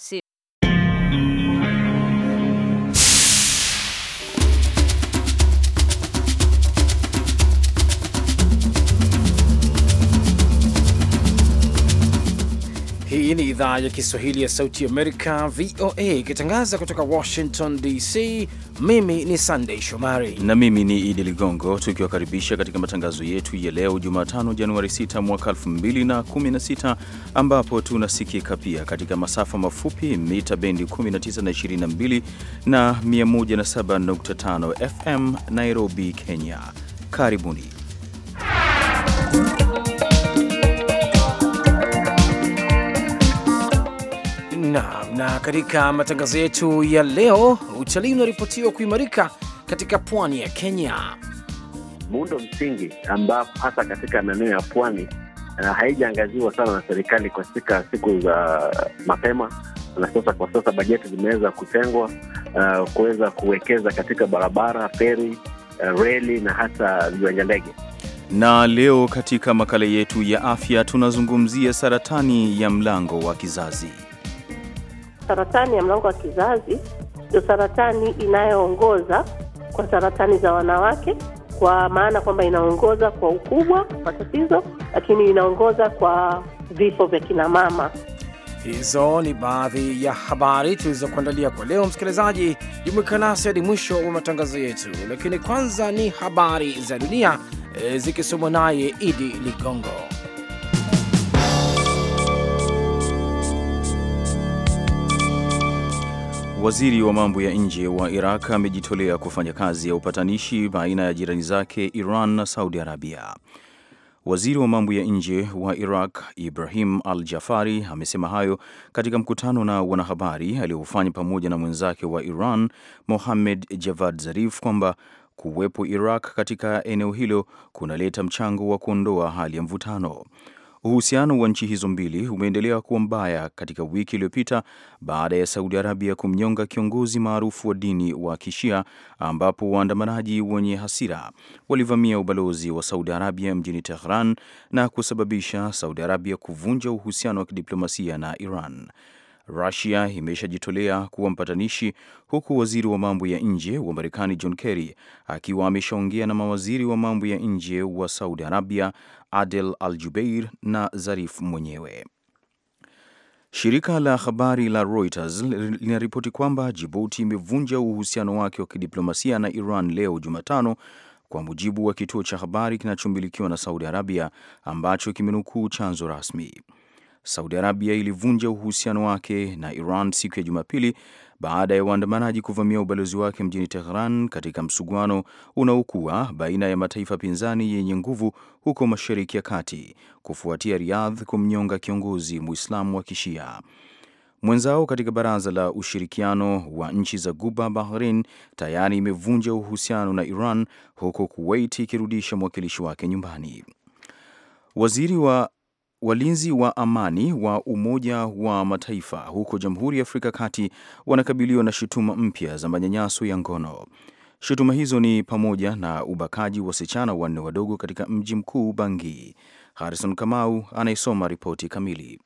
see. Hii ni idhaa ya Kiswahili ya Sauti Amerika, VOA, ikitangaza kutoka Washington DC. Mimi ni Sandei Shomari na mimi ni Idi Ligongo, tukiwakaribisha katika matangazo yetu ya leo Jumatano, Januari 6 mwaka 2016, ambapo tunasikika pia katika masafa mafupi mita bendi 19 na 22 na 107.5 FM Nairobi, Kenya. Karibuni Na, na katika matangazo yetu ya leo, utalii unaripotiwa kuimarika katika pwani ya Kenya. Muundo msingi ambapo hasa katika maeneo ya pwani eh, haijaangaziwa sana na serikali katika siku za mapema, na sasa kwa sasa bajeti zimeweza kutengwa uh, kuweza kuwekeza katika barabara, feri, uh, reli na hata viwanja ndege. Na leo katika makala yetu ya afya tunazungumzia saratani ya mlango wa kizazi saratani ya mlango wa kizazi ndio saratani inayoongoza kwa saratani za wanawake, kwa maana kwamba inaongoza kwa ukubwa kwa tatizo, lakini inaongoza kwa vifo vya kinamama. Hizo ni baadhi ya habari tulizokuandalia kwa leo. Msikilizaji, jumuika nasi hadi mwisho wa matangazo yetu, lakini kwanza ni habari za dunia eh, zikisomwa naye Idi Ligongo. Waziri wa mambo ya nje wa Iraq amejitolea kufanya kazi ya upatanishi baina ya jirani zake Iran na Saudi Arabia. Waziri wa mambo ya nje wa Iraq Ibrahim Al Jafari amesema hayo katika mkutano na wanahabari aliyofanya pamoja na mwenzake wa Iran Mohammed Javad Zarif kwamba kuwepo Iraq katika eneo hilo kunaleta mchango wa kuondoa hali ya mvutano. Uhusiano wa nchi hizo mbili umeendelea kuwa mbaya katika wiki iliyopita baada ya Saudi Arabia kumnyonga kiongozi maarufu wa dini wa Kishia, ambapo waandamanaji wenye hasira walivamia ubalozi wa Saudi Arabia mjini Tehran na kusababisha Saudi Arabia kuvunja uhusiano wa kidiplomasia na Iran. Rusia imeshajitolea kuwa mpatanishi, huku waziri wa mambo ya nje wa Marekani John Kerry akiwa ameshaongea na mawaziri wa mambo ya nje wa Saudi Arabia Adel Al Jubeir na Zarif mwenyewe. Shirika la habari la Reuters linaripoti kwamba Jibuti imevunja uhusiano wake wa kidiplomasia na Iran leo Jumatano, kwa mujibu wa kituo cha habari kinachomilikiwa na Saudi Arabia ambacho kimenukuu chanzo rasmi. Saudi Arabia ilivunja uhusiano wake na Iran siku ya Jumapili baada ya waandamanaji kuvamia ubalozi wake mjini Tehran katika msuguano unaokuwa baina ya mataifa pinzani yenye nguvu huko Mashariki ya Kati kufuatia Riyadh kumnyonga kiongozi Muislamu wa Kishia mwenzao katika Baraza la Ushirikiano wa Nchi za Guba. Bahrain tayari imevunja uhusiano na Iran huko Kuwait ikirudisha mwakilishi wake nyumbani. Waziri wa Walinzi wa amani wa Umoja wa Mataifa huko Jamhuri ya Afrika Kati wanakabiliwa na shutuma mpya za manyanyaso ya ngono. Shutuma hizo ni pamoja na ubakaji wasichana wanne wadogo katika mji mkuu Bangui. Harrison Kamau anayesoma ripoti kamili.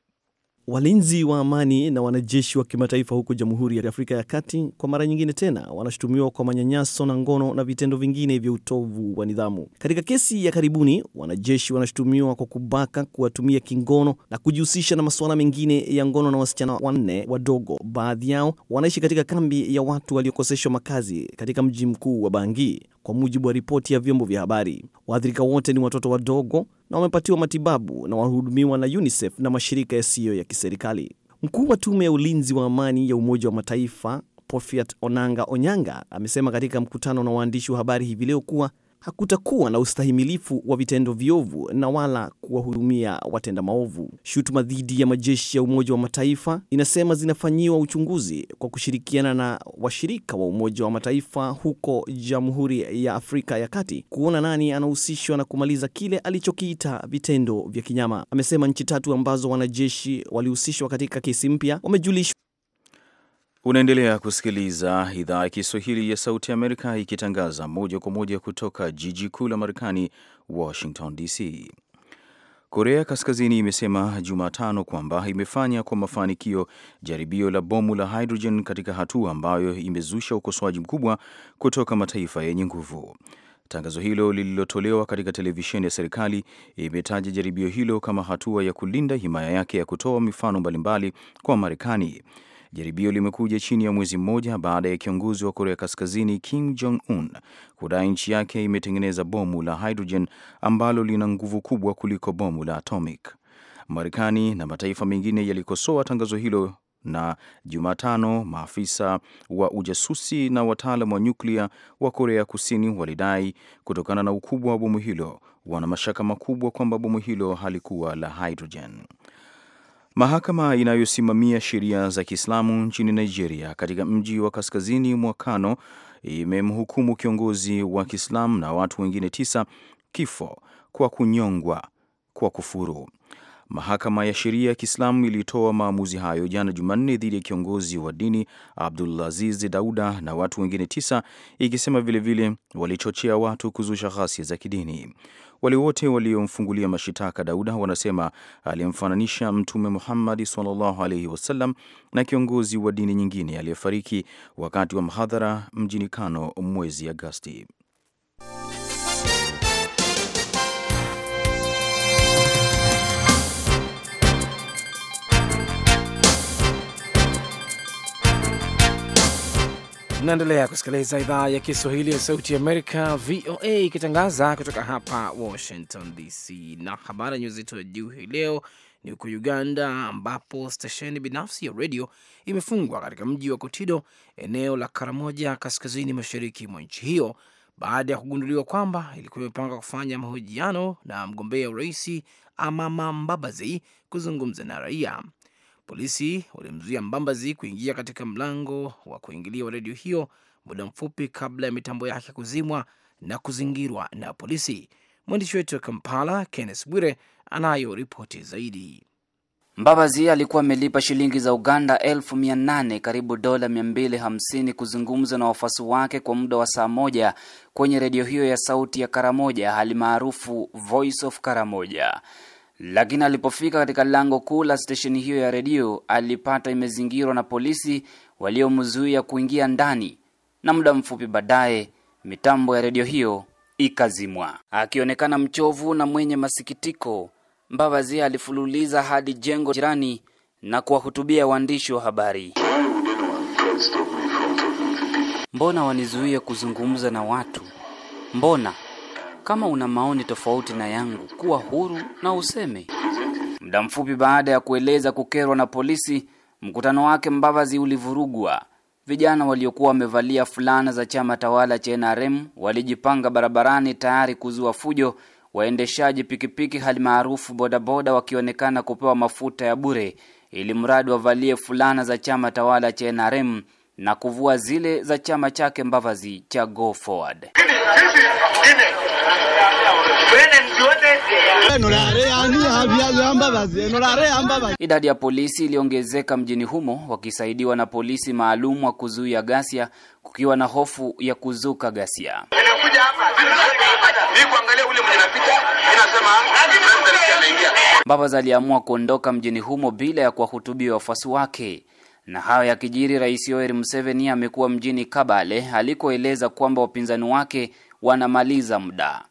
Walinzi wa amani na wanajeshi wa kimataifa huko Jamhuri ya Afrika ya Kati kwa mara nyingine tena wanashutumiwa kwa manyanyaso na ngono na vitendo vingine vya utovu wa nidhamu. Katika kesi ya karibuni, wanajeshi wanashutumiwa kwa kubaka, kuwatumia kingono na kujihusisha na masuala mengine ya ngono na wasichana wanne wadogo. Baadhi yao wanaishi katika kambi ya watu waliokoseshwa makazi katika mji mkuu wa Bangui kwa mujibu wa ripoti ya vyombo vya habari. Waathirika wote ni watoto wadogo na wamepatiwa matibabu na wahudumiwa na UNICEF na mashirika yasiyo ya kiserikali. Mkuu wa tume ya ulinzi wa amani ya Umoja wa Mataifa Porfiat Onanga Onyanga amesema katika mkutano na waandishi wa habari hivi leo kuwa hakutakuwa na ustahimilifu wa vitendo viovu na wala kuwahudumia watenda maovu. Shutuma dhidi ya majeshi ya Umoja wa Mataifa inasema zinafanyiwa uchunguzi kwa kushirikiana na washirika wa Umoja wa Mataifa huko Jamhuri ya Afrika ya Kati kuona nani anahusishwa na kumaliza kile alichokiita vitendo vya kinyama. Amesema nchi tatu ambazo wanajeshi walihusishwa katika kesi mpya wamejulishwa Unaendelea kusikiliza idhaa ya Kiswahili ya Sauti Amerika ikitangaza moja kwa moja kutoka jiji kuu la Marekani, Washington DC. Korea Kaskazini imesema Jumatano kwamba imefanya kwa mafanikio jaribio la bomu la hydrogen katika hatua ambayo imezusha ukosoaji mkubwa kutoka mataifa yenye nguvu. Tangazo hilo lililotolewa katika televisheni ya serikali imetaja jaribio hilo kama hatua ya kulinda himaya yake ya kutoa mifano mbalimbali kwa Marekani Jaribio limekuja chini ya mwezi mmoja baada ya kiongozi wa Korea Kaskazini Kim Jong Un kudai nchi yake imetengeneza bomu la hydrogen ambalo lina nguvu kubwa kuliko bomu la atomic. Marekani na mataifa mengine yalikosoa tangazo hilo na Jumatano maafisa wa ujasusi na wataalam wa nyuklia wa Korea Kusini walidai kutokana na ukubwa wa bomu hilo, wana mashaka makubwa kwamba bomu hilo halikuwa la hydrogen. Mahakama inayosimamia sheria za Kiislamu nchini Nigeria katika mji wa kaskazini mwa Kano imemhukumu kiongozi wa Kiislamu na watu wengine tisa kifo kwa kunyongwa kwa kufuru. Mahakama ya sheria ya Kiislamu ilitoa maamuzi hayo jana Jumanne dhidi ya kiongozi wa dini Abdulaziz Dauda na watu wengine tisa, ikisema vilevile walichochea watu kuzusha ghasia za kidini. Wale wote waliomfungulia mashitaka Dauda wanasema alimfananisha Mtume Muhammadi sallallahu alaihi wasallam na kiongozi wa dini nyingine aliyefariki wakati wa mhadhara mjini Kano mwezi Agasti. Naendelea kusikiliza idhaa ya Kiswahili ya Sauti ya Amerika, VOA, ikitangaza kutoka hapa Washington DC. Na habari nyuzi uzito wa juu hii leo ni huko Uganda, ambapo stesheni binafsi ya redio imefungwa katika mji wa Kotido, eneo la Karamoja, kaskazini mashariki mwa nchi hiyo, baada ya kugunduliwa kwamba ilikuwa imepanga kufanya mahojiano na mgombea urais Amama Mbabazi kuzungumza na raia. Polisi walimzuia Mbambazi kuingia katika mlango wa kuingilia wa redio hiyo muda mfupi kabla ya mitambo yake kuzimwa na kuzingirwa na polisi. Mwandishi wetu wa Kampala, Kenneth Bwire, anayo ripoti zaidi. Mbabazi alikuwa amelipa shilingi za Uganda elfu mia nane karibu dola 250 kuzungumza na wafuasi wake kwa muda wa saa moja kwenye redio hiyo ya sauti ya Karamoja hali maarufu Voice of Karamoja lakini alipofika katika lango kuu la stesheni hiyo ya redio alipata imezingirwa na polisi waliomzuia kuingia ndani, na muda mfupi baadaye mitambo ya redio hiyo ikazimwa. Akionekana mchovu na mwenye masikitiko, Mbabazi alifululiza hadi jengo jirani na kuwahutubia waandishi wa habari. Mbona wanizuie kuzungumza na watu? Mbona kama una maoni tofauti na yangu, kuwa huru na useme. Muda mfupi baada ya kueleza kukerwa na polisi, mkutano wake mbavazi ulivurugwa. Vijana waliokuwa wamevalia fulana za chama tawala cha NRM walijipanga barabarani tayari kuzua fujo, waendeshaji pikipiki hali maarufu bodaboda wakionekana kupewa mafuta ya bure ili mradi wavalie fulana za chama tawala cha NRM na kuvua zile za chama chake Mbavazi cha Go Forward sisi ine Idadi ya polisi iliongezeka mjini humo wakisaidiwa na polisi maalum wa kuzuia ghasia, kukiwa na hofu ya kuzuka ghasia. Mbabazi aliamua kuondoka mjini humo bila ya kuwahutubia wafuasi wake. Na hayo yakijiri, Rais Yoweri Museveni amekuwa mjini Kabale alikoeleza kwamba wapinzani wake wanamaliza muda.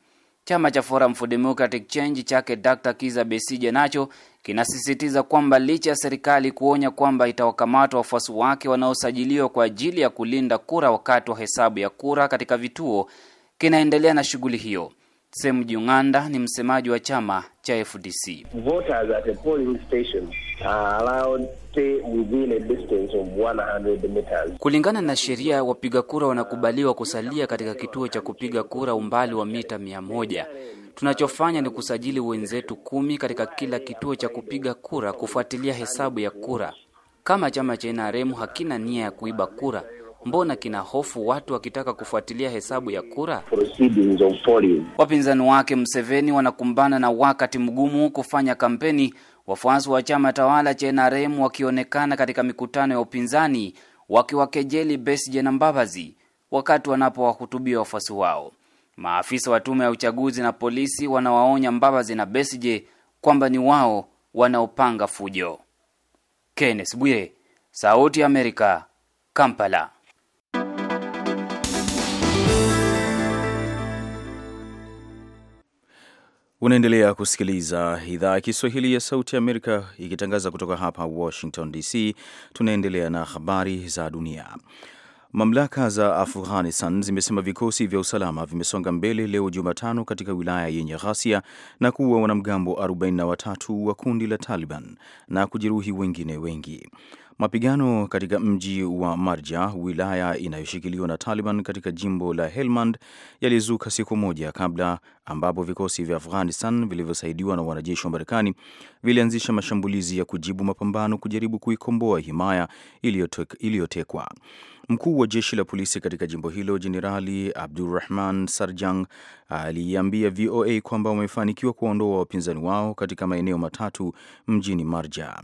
Chama cha Forum for Democratic Change chake Dr. Kiza Besije nacho kinasisitiza kwamba licha ya serikali kuonya kwamba itawakamata wafuasi wake wanaosajiliwa kwa ajili ya kulinda kura wakati wa hesabu ya kura katika vituo, kinaendelea na shughuli hiyo jung'anda ni msemaji wa chama cha FDC. Voters at a polling station are allowed within a distance of 100 meters. Kulingana na sheria, wapiga kura wanakubaliwa kusalia katika kituo cha kupiga kura umbali wa mita mia moja. Tunachofanya ni kusajili wenzetu kumi katika kila kituo cha kupiga kura kufuatilia hesabu ya kura. Kama chama cha NRM hakina nia ya kuiba kura mbona kina hofu watu wakitaka kufuatilia hesabu ya kura? Wapinzani wake Mseveni wanakumbana na wakati mgumu kufanya kampeni, wafuasi wa chama tawala cha NRM wakionekana katika mikutano ya upinzani wakiwakejeli Besigye na Mbabazi wakati wanapowahutubia wafuasi wao. Maafisa wa tume ya uchaguzi na polisi wanawaonya Mbabazi na Besigye kwamba ni wao wanaopanga fujo. Kenneth Bwire, Sauti ya Amerika, Kampala. Unaendelea kusikiliza idhaa ya Kiswahili ya Sauti ya Amerika ikitangaza kutoka hapa Washington DC. Tunaendelea na habari za dunia. Mamlaka za Afghanistan zimesema vikosi vya usalama vimesonga mbele leo Jumatano katika wilaya yenye ghasia na kuua wanamgambo 43 wa kundi la Taliban na kujeruhi wengine wengi. Mapigano katika mji wa Marja, wilaya inayoshikiliwa na Taliban katika jimbo la Helmand, yalizuka siku moja kabla, ambapo vikosi vya Afghanistan vilivyosaidiwa na wanajeshi wa Marekani vilianzisha mashambulizi ya kujibu mapambano kujaribu kuikomboa himaya iliyotekwa. Mkuu wa jeshi la polisi katika jimbo hilo Jenerali Abdurahman Sarjang aliiambia VOA kwamba wamefanikiwa kuwaondoa wapinzani wao katika maeneo matatu mjini Marja.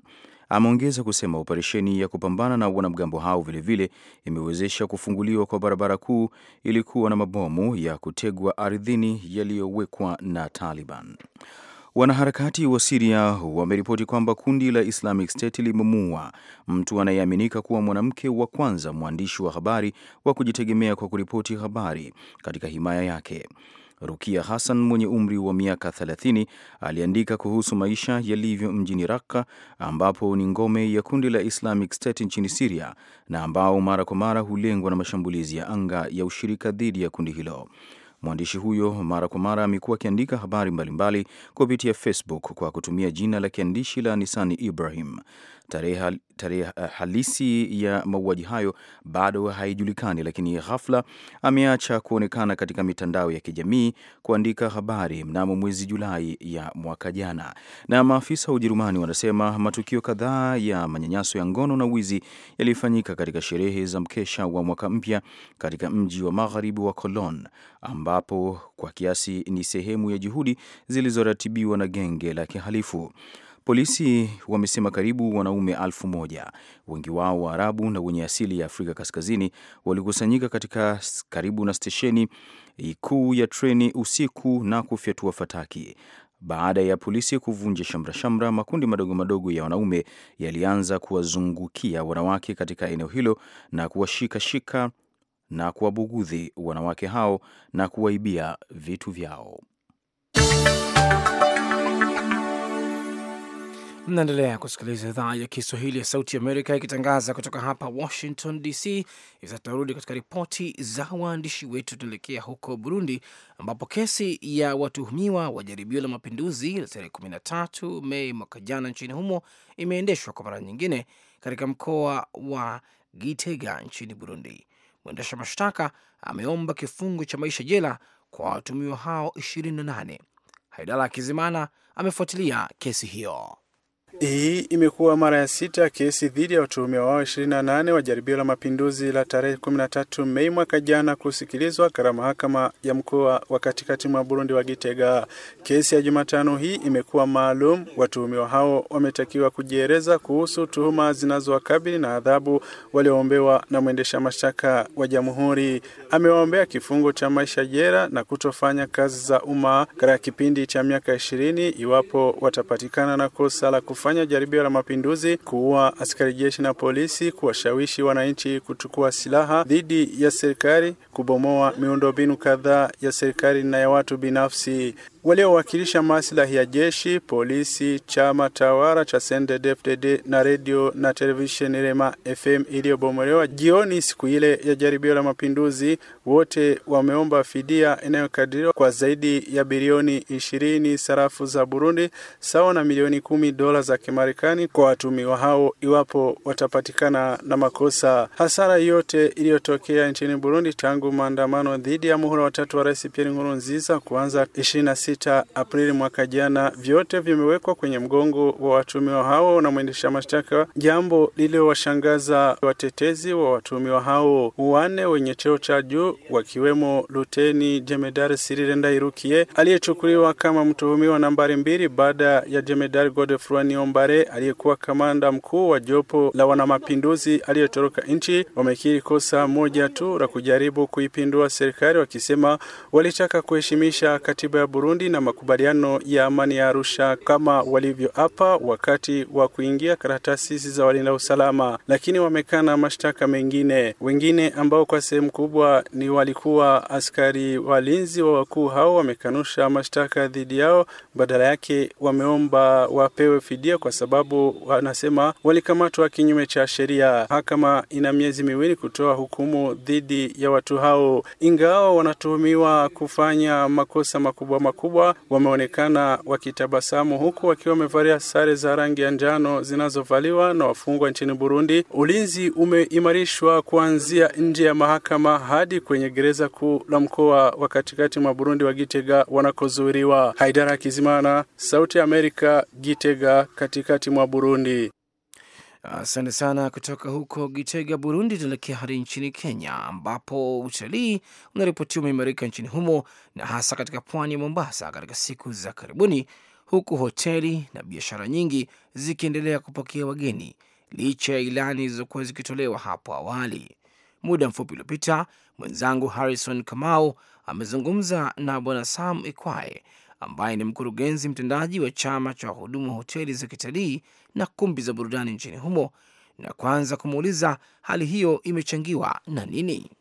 Ameongeza kusema operesheni ya kupambana na wanamgambo hao vilevile imewezesha kufunguliwa kwa barabara kuu ilikuwa na mabomu ya kutegwa ardhini yaliyowekwa na Taliban. Wanaharakati wa Siria wameripoti kwamba kundi la Islamic State limemuua mtu anayeaminika kuwa mwanamke wa kwanza mwandishi wa habari wa kujitegemea kwa kuripoti habari katika himaya yake. Rukia Hassan mwenye umri wa miaka 30 aliandika kuhusu maisha yalivyo mjini Raqqa ambapo ni ngome ya kundi la Islamic State nchini Syria na ambao mara kwa mara hulengwa na mashambulizi ya anga ya ushirika dhidi ya kundi hilo. Mwandishi huyo mara kwa mara amekuwa akiandika habari mbalimbali kupitia Facebook kwa kutumia jina la kiandishi la Nisani Ibrahim. Tarehe, tarehe eh, halisi ya mauaji hayo bado haijulikani, lakini ghafla ameacha kuonekana katika mitandao ya kijamii kuandika habari mnamo mwezi Julai ya mwaka jana. Na maafisa wa Ujerumani wanasema matukio kadhaa ya manyanyaso ya ngono na wizi yalifanyika katika sherehe za mkesha wa mwaka mpya katika mji wa magharibi wa Cologne, ambapo kwa kiasi ni sehemu ya juhudi zilizoratibiwa na genge la kihalifu. Polisi wamesema karibu wanaume alfu moja, wengi wao wa arabu na wenye asili ya Afrika Kaskazini, walikusanyika katika karibu na stesheni kuu ya treni usiku na kufyatua fataki. Baada ya polisi kuvunja shamrashamra, makundi madogo madogo ya wanaume yalianza kuwazungukia wanawake katika eneo hilo na kuwashikashika na kuwabugudhi wanawake hao na kuwaibia vitu vyao. Mnaendelea kusikiliza idhaa ya Kiswahili ya Sauti Amerika ikitangaza kutoka hapa Washington DC. Sasa tunarudi katika ripoti za waandishi wetu. Tunaelekea huko Burundi, ambapo kesi ya watuhumiwa wa jaribio la mapinduzi la tarehe 13 Mei mwaka jana nchini humo imeendeshwa kwa mara nyingine katika mkoa wa Gitega nchini Burundi. Mwendesha mashtaka ameomba kifungo cha maisha jela kwa watuhumiwa hao 28. Haidala Kizimana amefuatilia kesi hiyo. Hii imekuwa mara ya sita kesi dhidi ya watuhumiwa wao 28 wa jaribio la mapinduzi la tarehe 13 Mei mwaka jana kusikilizwa katika mahakama ya mkoa wa katikati mwa Burundi wa Gitega. Kesi ya Jumatano hii imekuwa maalum. Watuhumiwa hao wametakiwa kujieleza kuhusu tuhuma zinazowakabili na adhabu walioombewa na mwendesha mashtaka wa jamhuri. Amewaombea kifungo cha maisha jela na kutofanya kazi za umma katika kipindi cha miaka 20 iwapo watapatikana na kosa la kufanya kufanya jaribio la mapinduzi, kuua askari jeshi na polisi, kuwashawishi wananchi kuchukua silaha dhidi ya serikali, kubomoa miundombinu kadhaa ya serikali na ya watu binafsi waliowakilisha maslahi ya jeshi, polisi, chama tawala cha CNDD-FDD na redio na televisheni Rema FM iliyobomolewa jioni siku ile ya jaribio la mapinduzi, wote wameomba fidia inayokadiriwa kwa zaidi ya bilioni 20 sarafu za Burundi sawa na milioni kumi dola za Kimarekani kwa watumiwa hao iwapo watapatikana na makosa. Hasara yote iliyotokea nchini Burundi tangu maandamano dhidi ya muhula watatu wa Rais Pierre Nkurunziza kuanza 26 6 Aprili mwaka jana, vyote vimewekwa kwenye mgongo wa watumiwa hao na mwendesha mashtaka, jambo lililowashangaza watetezi wa watumiwa hao wanne wenye cheo cha juu, wakiwemo Luteni Jemedari Sirire Ndairukiye aliyechukuliwa kama mtuhumiwa nambari mbili baada ya Jemedari Godefroy niombare aliyekuwa kamanda mkuu wa jopo la wanamapinduzi aliyotoroka nchi, wamekiri kosa moja tu la kujaribu kuipindua serikali, wakisema walitaka kuheshimisha katiba ya Burundi Burundi na makubaliano ya amani ya Arusha kama walivyoapa wakati wa kuingia karatasi za walinda usalama, lakini wamekana mashtaka mengine. Wengine ambao kwa sehemu kubwa ni walikuwa askari walinzi wa wakuu hao wamekanusha mashtaka dhidi yao, badala yake wameomba wapewe fidia kwa sababu wanasema walikamatwa kinyume cha sheria. Mahakama ina miezi miwili kutoa hukumu dhidi ya watu hao, ingawa wanatuhumiwa kufanya makosa makubwa makubwa wakubwa wameonekana wakitabasamu huku wakiwa wamevalia sare za rangi ya njano zinazovaliwa na wafungwa nchini Burundi. Ulinzi umeimarishwa kuanzia nje ya mahakama hadi kwenye gereza kuu la mkoa wa katikati mwa Burundi wa Gitega wanakozuiriwa Haidara Kizimana, Sauti ya Amerika, Gitega katikati mwa Burundi. Asante sana kutoka huko Gitega, Burundi. Tunaelekea hadi nchini Kenya, ambapo utalii unaripotiwa umeimarika nchini humo na hasa katika pwani ya Mombasa katika siku za karibuni, huku hoteli na biashara nyingi zikiendelea kupokea wageni licha ya ilani zilizokuwa zikitolewa hapo awali. Muda mfupi uliopita, mwenzangu Harrison Kamau amezungumza na Bwana Sam Ikwae ambaye ni mkurugenzi mtendaji wa chama cha wahudumu wa hoteli za kitalii na kumbi za burudani nchini humo, na kwanza kumuuliza hali hiyo imechangiwa na nini.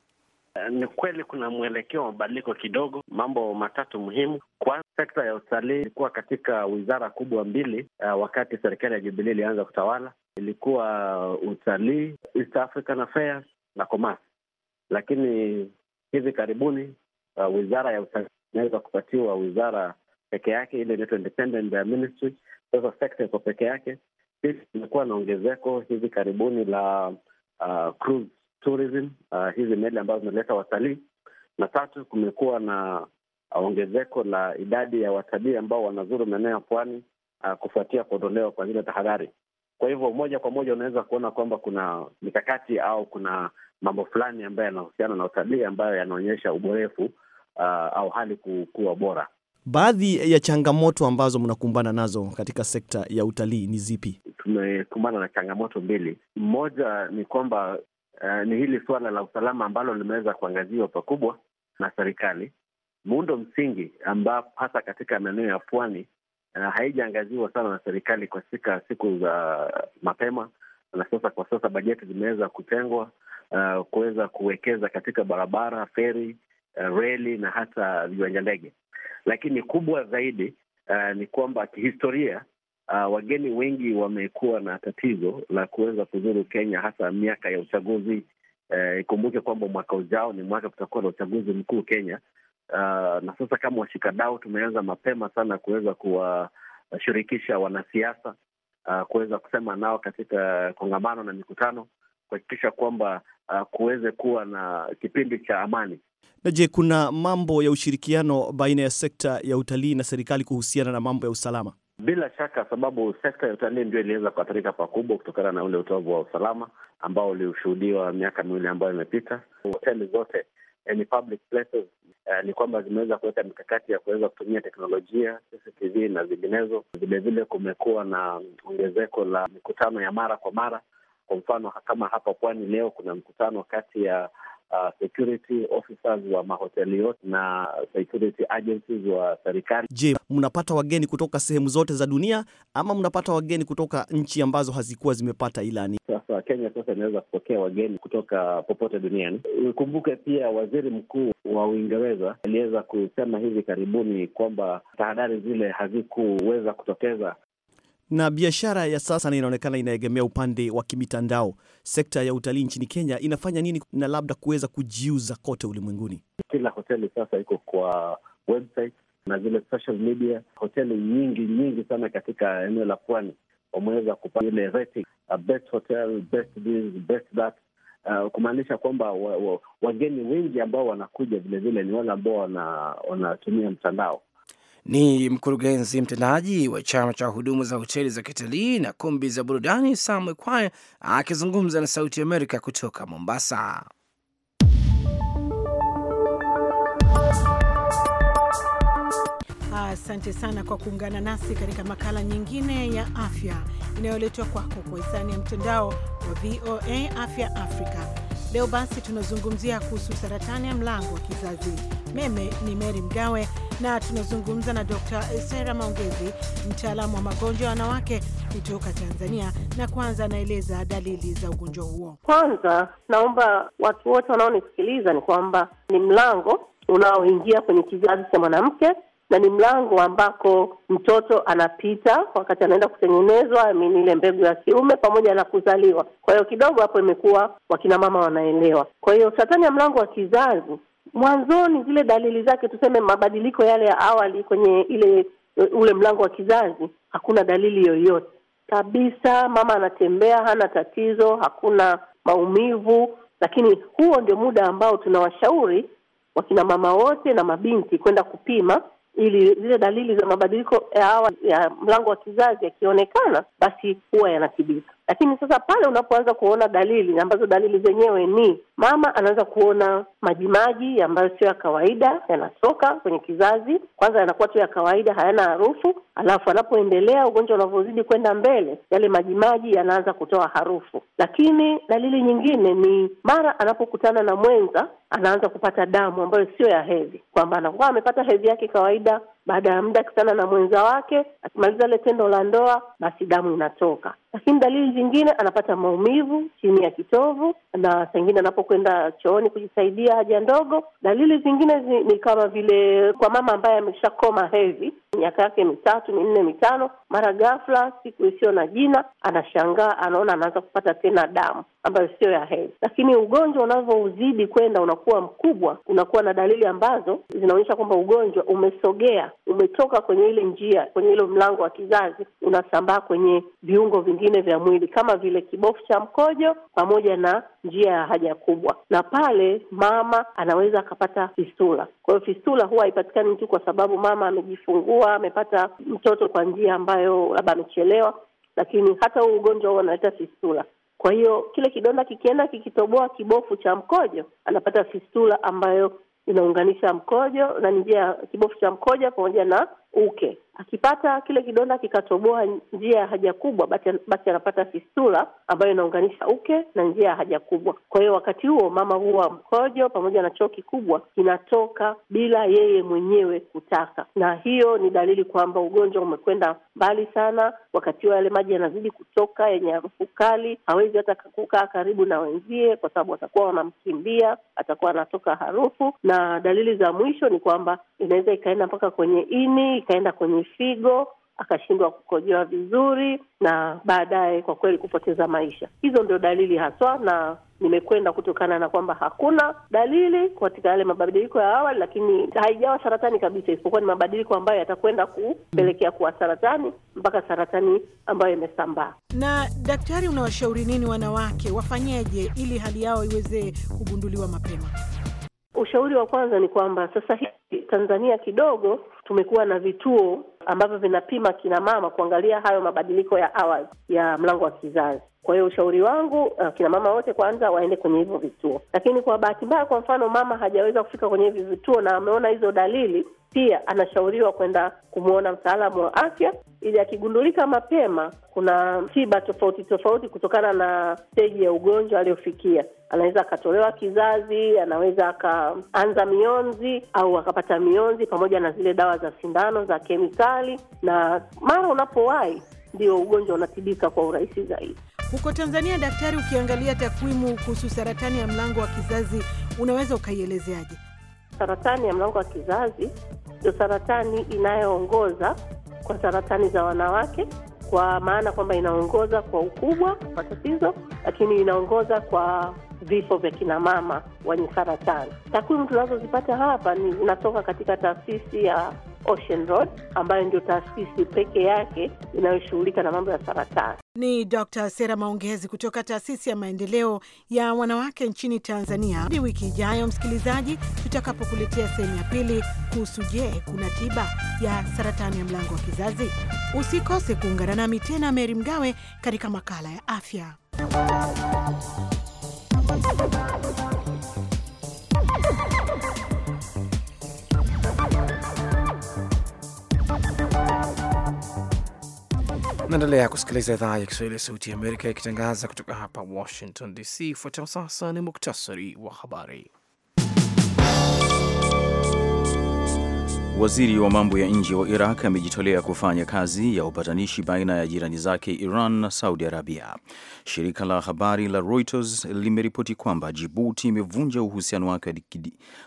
Ni kweli kuna mwelekeo wa mabadiliko kidogo. Mambo matatu muhimu. Kwanza, sekta ya utalii ilikuwa katika wizara kubwa mbili uh, wakati serikali ya Jubilii ilianza kutawala, ilikuwa uh, utalii, East African Affairs na Commerce, lakini hivi karibuni uh, wizara ya utalii inaweza kupatiwa wizara peke yake, ile inaitwa independent ministry. Sasa sekta iko peke yake. Pili, imekuwa na ongezeko hivi karibuni la uh, cruise tourism, uh, hizi meli ambazo zinaleta watalii, na tatu, kumekuwa na ongezeko la idadi ya watalii ambao wanazuru maeneo ya pwani uh, kufuatia kuondolewa kwa zile tahadhari. Kwa hivyo moja kwa moja unaweza kuona kwamba kuna mikakati au kuna mambo fulani ambayo yanahusiana na utalii ambayo yanaonyesha uborefu uh, au hali kuwa bora. Baadhi ya changamoto ambazo mnakumbana nazo katika sekta ya utalii ni zipi? Tumekumbana na changamoto mbili. Mmoja ni kwamba uh, ni hili suala la usalama ambalo limeweza kuangaziwa pakubwa na serikali. Muundo msingi ambao hasa katika maeneo ya pwani uh, haijaangaziwa sana na serikali katika siku za mapema, na sasa kwa sasa bajeti zimeweza kutengwa uh, kuweza kuwekeza katika barabara, feri, uh, reli na hata viwanja ndege lakini kubwa zaidi uh, ni kwamba kihistoria uh, wageni wengi wamekuwa na tatizo la kuweza kuzuru Kenya hasa miaka ya uchaguzi. Eh, ikumbuke uh, kwamba mwaka ujao ni mwaka kutakuwa na uchaguzi mkuu Kenya. Uh, na sasa kama washikadau tumeanza mapema sana kuweza kuwashirikisha wanasiasa uh, kuweza kusema nao katika kongamano na mikutano kuhakikisha kwamba uh, kuweze kuwa na kipindi cha amani na je, kuna mambo ya ushirikiano baina ya sekta ya utalii na serikali kuhusiana na mambo ya usalama? Bila shaka, sababu sekta ya utalii ndio iliweza kuathirika pakubwa kutokana na ule utovu wa usalama ambao ulioshuhudiwa miaka miwili ambayo imepita. Hoteli zote eh, ni public places, eh, ni kwamba zimeweza kuweka mikakati ya kuweza kutumia teknolojia CCTV na zinginezo. Vilevile kumekuwa na ongezeko la mikutano ya mara kwa mara. Kwa mfano kama hapa pwani leo kuna mkutano kati ya uh, security officers wa mahoteli yote na security agencies wa serikali. Je, mnapata wageni kutoka sehemu zote za dunia ama mnapata wageni kutoka nchi ambazo hazikuwa zimepata ilani? Sasa Kenya sasa inaweza kupokea wageni kutoka popote duniani. Ukumbuke pia waziri mkuu wa Uingereza aliweza kusema hivi karibuni kwamba tahadhari zile hazikuweza kutokeza na biashara ya sasa inaonekana inaegemea upande wa kimitandao. Sekta ya utalii nchini Kenya inafanya nini na labda kuweza kujiuza kote ulimwenguni? Kila hoteli sasa iko kwa website na zile social media. Hoteli nyingi nyingi sana katika eneo la pwani wameweza kupata ile rating, uh, best hotel, best this, best that Uh, kumaanisha kwamba wageni wa, wa wengi ambao wanakuja vilevile ni wale ambao wanatumia mtandao. Ni mkurugenzi mtendaji wa chama cha huduma za hoteli za kitalii na kumbi za burudani Sam Kwaya akizungumza na Sauti Amerika kutoka Mombasa. Asante sana kwa kuungana nasi katika makala nyingine ya afya inayoletwa kwako kwa hisani ya mtandao wa VOA Afya Afrika. Leo basi tunazungumzia kuhusu saratani ya mlango wa kizazi. Mimi ni Mary Mgawe na tunazungumza na Dr. Sera Maongezi, mtaalamu wa magonjwa ya wanawake kutoka Tanzania, na kwanza anaeleza dalili za ugonjwa huo. Kwanza naomba watu wote wanaonisikiliza ni kwamba ni mlango unaoingia kwenye kizazi cha mwanamke na ni mlango ambako mtoto anapita wakati anaenda kutengenezwa mini ile mbegu ya kiume pamoja na kuzaliwa. Kwa hiyo kidogo hapo imekuwa wakina mama wanaelewa. Kwa hiyo satani ya mlango wa kizazi mwanzoni zile dalili zake, tuseme mabadiliko yale ya awali kwenye ile eh, ule mlango wa kizazi, hakuna dalili yoyote kabisa. Mama anatembea, hana tatizo, hakuna maumivu. Lakini huo ndio muda ambao tunawashauri wakina mama wote na mabinti kwenda kupima, ili zile dalili za mabadiliko ya awali ya mlango wa kizazi yakionekana, basi huwa yanatibika. Lakini sasa pale unapoanza kuona dalili ambazo dalili zenyewe ni mama anaanza kuona majimaji ambayo sio ya kawaida, yanatoka kwenye kizazi. Kwanza yanakuwa tu ya kawaida, hayana harufu, alafu anapoendelea ugonjwa unavyozidi kwenda mbele, yale majimaji yanaanza kutoa harufu. Lakini dalili nyingine ni mara anapokutana na mwenza, anaanza kupata damu ambayo sio ya hedhi, kwamba anakuwa amepata hedhi yake kawaida baada ya muda akikutana na mwenza wake, akimaliza ile tendo la ndoa, basi damu inatoka. Lakini dalili zingine, anapata maumivu chini ya kitovu, na saingine anapokwenda chooni kujisaidia haja ndogo. Dalili zingine zi, ni kama vile kwa mama ambaye ameshakoma hedhi, miaka yake mitatu minne mitano, mara ghafla, siku isiyo na jina, anashangaa anaona anaanza kupata tena damu ambayo siyo ya hedhi. Lakini ugonjwa unavyouzidi kwenda unakuwa mkubwa, unakuwa na dalili ambazo zinaonyesha kwamba ugonjwa umesogea, umetoka kwenye ile njia, kwenye ile mlango wa kizazi, unasambaa kwenye viungo vingine vya mwili kama vile kibofu cha mkojo pamoja na njia ya haja kubwa, na pale mama anaweza akapata fistula. Kwa hiyo fistula huwa haipatikani tu kwa sababu mama amejifungua, amepata mtoto kwa njia ambayo ambayo labda amechelewa, lakini hata huu ugonjwa huu unaleta fistula. Kwa hiyo kile kidonda kikienda kikitoboa kibofu cha mkojo, anapata fistula ambayo inaunganisha mkojo na njia ya kibofu cha mkojo pamoja na uke. Akipata kile kidonda kikatoboa njia ya haja kubwa, basi anapata fistula ambayo inaunganisha uke na njia ya haja kubwa. Kwa hiyo wakati huo mama huwa mkojo pamoja na choo kikubwa kinatoka bila yeye mwenyewe kutaka, na hiyo ni dalili kwamba ugonjwa umekwenda mbali sana. Wakati huo yale maji yanazidi kutoka yenye harufu kali, hawezi hata kukaa karibu na wenzie kwa sababu watakuwa wanamkimbia, atakuwa anatoka harufu. Na dalili za mwisho ni kwamba inaweza ikaenda mpaka kwenye ini ikaenda kwenye figo akashindwa kukojoa vizuri na baadaye kwa kweli kupoteza maisha. Hizo ndio dalili haswa, na nimekwenda kutokana na kwamba hakuna dalili katika yale mabadiliko ya awali, lakini haijawa saratani kabisa, isipokuwa ni mabadiliko ambayo yatakwenda kupelekea kuwa saratani mpaka saratani ambayo imesambaa. Na daktari, unawashauri nini wanawake wafanyeje ili hali yao iweze kugunduliwa mapema? Ushauri wa kwanza ni kwamba sasa hivi Tanzania kidogo tumekuwa na vituo ambavyo vinapima kina mama kuangalia hayo mabadiliko ya awali ya mlango wa kizazi. Kwa hiyo ushauri wangu uh, kina mama wote kwanza waende kwenye hivyo vituo, lakini kwa bahati mbaya, kwa mfano mama hajaweza kufika kwenye hivi vituo na ameona hizo dalili, pia anashauriwa kwenda kumwona mtaalamu wa afya ili akigundulika mapema, kuna tiba tofauti tofauti kutokana na steji ya ugonjwa aliyofikia. Anaweza akatolewa kizazi, anaweza akaanza mionzi au akapata mionzi pamoja na zile dawa za sindano za kemikali, na mara unapowahi ndio ugonjwa unatibika kwa urahisi zaidi. Huko Tanzania, daktari, ukiangalia takwimu kuhusu saratani ya mlango wa kizazi unaweza ukaielezeaje? Saratani ya mlango wa kizazi ndio saratani inayoongoza kwa saratani za wanawake, kwa maana kwamba inaongoza kwa ukubwa matatizo tatizo, lakini inaongoza kwa vifo vya kinamama wenye saratani. Takwimu tunazozipata hapa ni zinatoka katika taasisi ya Ocean Road ambayo ndio taasisi peke yake inayoshughulika na mambo ya saratani. Ni Dr. Sera Maongezi kutoka taasisi ya maendeleo ya wanawake nchini Tanzania. Hadi wiki ijayo, msikilizaji, tutakapokuletea sehemu ya pili kuhusu je, kuna tiba ya saratani ya mlango wa kizazi? Usikose kuungana nami tena, Meri Mgawe, katika makala ya afya. Unaendelea kusikiliza idhaa ya Kiswahili ya Sauti ya Amerika ikitangaza kutoka hapa Washington DC. Fuatao sasa ni muktasari wa habari. Waziri wa mambo ya nje wa Iraq amejitolea kufanya kazi ya upatanishi baina ya jirani zake Iran na Saudi Arabia. Shirika la habari la Reuters limeripoti kwamba Jibuti imevunja uhusiano wake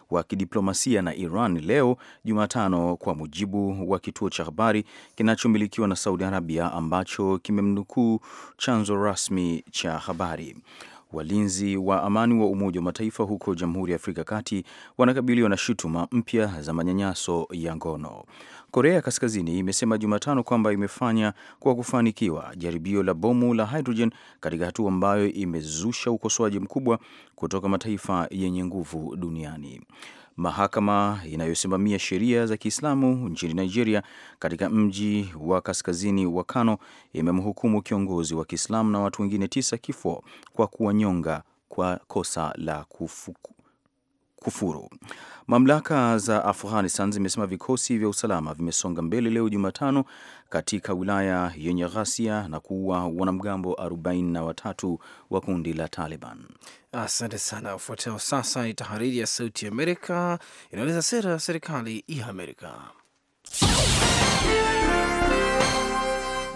wa kidiplomasia na Iran leo Jumatano, kwa mujibu wa kituo cha habari kinachomilikiwa na Saudi Arabia ambacho kimemnukuu chanzo rasmi cha habari. Walinzi wa amani wa Umoja wa Mataifa huko Jamhuri ya Afrika Kati wanakabiliwa na shutuma mpya za manyanyaso ya ngono. Korea Kaskazini imesema Jumatano kwamba imefanya kwa kufanikiwa jaribio la bomu la hydrogen katika hatua ambayo imezusha ukosoaji mkubwa kutoka mataifa yenye nguvu duniani mahakama inayosimamia sheria za Kiislamu nchini Nigeria katika mji wa kaskazini wa Kano imemhukumu kiongozi wa Kiislamu na watu wengine tisa kifo kwa kuwanyonga kwa kosa la kufuku, kufuru. Mamlaka za Afghanistan zimesema vikosi vya usalama vimesonga mbele leo Jumatano katika wilaya yenye ghasia na kuua wanamgambo 43 wa kundi la Taliban. Asante sana. Ufuatao sasa ni tahariri ya Sauti Amerika inaeleza sera ya serikali ya Amerika.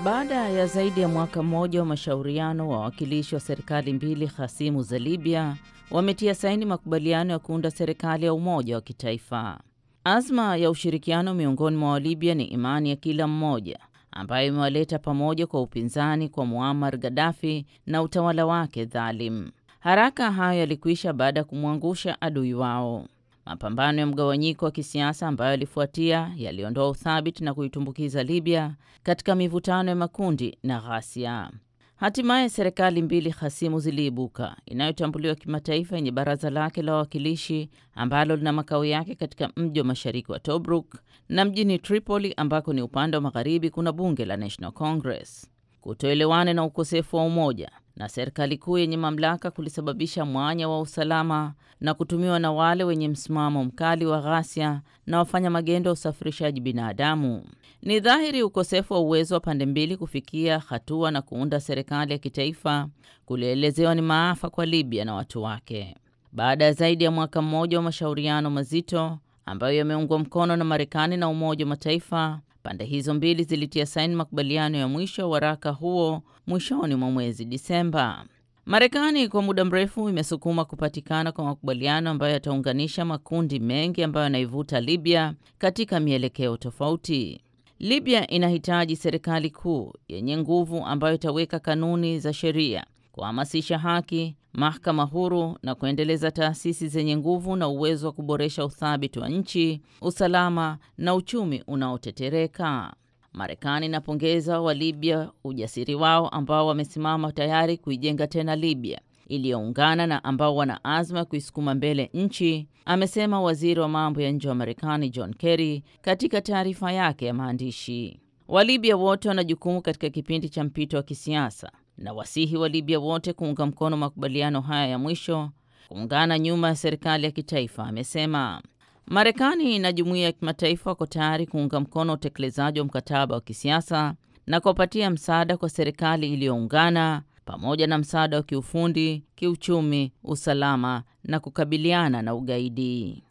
Baada ya zaidi ya mwaka mmoja wa mashauriano, wawakilishi wa serikali mbili hasimu za Libya wametia saini makubaliano ya kuunda serikali ya umoja wa kitaifa. Azma ya ushirikiano miongoni mwa Walibya ni imani ya kila mmoja ambayo imewaleta pamoja kwa upinzani kwa Muammar Gaddafi na utawala wake dhalim. Haraka hayo yalikuisha baada ya kumwangusha adui wao. Mapambano ya mgawanyiko wa kisiasa ambayo yalifuatia yaliondoa uthabiti na kuitumbukiza Libya katika mivutano ya makundi na ghasia. Hatimaye serikali mbili hasimu ziliibuka, inayotambuliwa kimataifa yenye baraza lake la wawakilishi ambalo lina makao yake katika mji wa mashariki wa Tobruk na mjini Tripoli ambako ni upande wa magharibi kuna bunge la National Congress. Kutoelewane na ukosefu wa umoja na serikali kuu yenye mamlaka kulisababisha mwanya wa usalama na kutumiwa na wale wenye msimamo mkali wa ghasia na wafanya magendo ya usafirishaji binadamu. Ni dhahiri ukosefu wa uwezo wa pande mbili kufikia hatua na kuunda serikali ya kitaifa kulielezewa ni maafa kwa Libya na watu wake. Baada ya zaidi ya mwaka mmoja wa mashauriano mazito ambayo yameungwa mkono na Marekani na Umoja wa Mataifa, pande hizo mbili zilitia saini makubaliano ya mwisho wa waraka huo mwishoni mwa mwezi Disemba. Marekani kwa muda mrefu imesukuma kupatikana kwa makubaliano ambayo yataunganisha makundi mengi ambayo yanaivuta Libya katika mielekeo tofauti. Libya inahitaji serikali kuu yenye nguvu ambayo itaweka kanuni za sheria, kuhamasisha haki, mahakama huru na kuendeleza taasisi zenye nguvu na uwezo wa kuboresha uthabiti wa nchi, usalama na uchumi unaotetereka. Marekani inapongeza wa Libya ujasiri wao ambao wamesimama tayari kuijenga tena Libya iliyoungana na ambao wana azma ya kuisukuma mbele nchi, amesema waziri wa mambo ya nje wa Marekani John Kerry katika taarifa yake ya maandishi. Walibya wote wana jukumu katika kipindi cha mpito wa kisiasa na wasihi wa libia wote kuunga mkono makubaliano haya ya mwisho kuungana nyuma ya serikali ya kitaifa, amesema. Marekani na jumuiya ya kimataifa wako tayari kuunga mkono utekelezaji wa mkataba wa kisiasa na kuwapatia msaada kwa serikali iliyoungana pamoja na msaada wa kiufundi, kiuchumi, usalama na kukabiliana na ugaidi.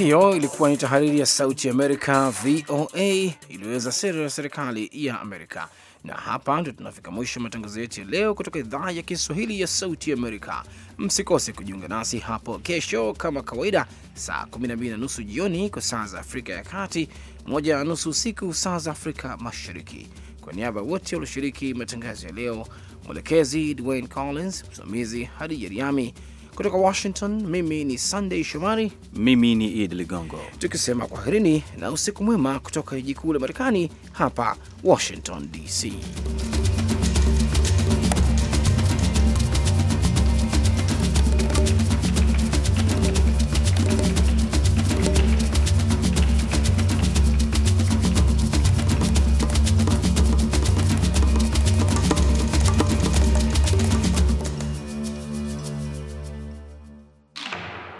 Hiyo ilikuwa ni tahariri ya Sauti Amerika, VOA, iliyoweza sera ya serikali ya Amerika. Na hapa ndio tunafika mwisho matangazo yetu ya leo kutoka idhaa ya Kiswahili ya Sauti Amerika. Msikose kujiunga nasi hapo kesho kama kawaida, saa 12 na nusu jioni kwa saa za Afrika ya Kati, moja na nusu usiku saa za Afrika Mashariki. Kwa niaba ya wote walioshiriki matangazo ya leo, mwelekezi Dwayne Collins, msimamizi Hadi Jeriami. Kutoka Washington, mimi ni Sunday Shomari, mimi ni Idi Ligongo, tukisema kwaherini na usiku mwema kutoka jiji kuu la Marekani, hapa Washington DC.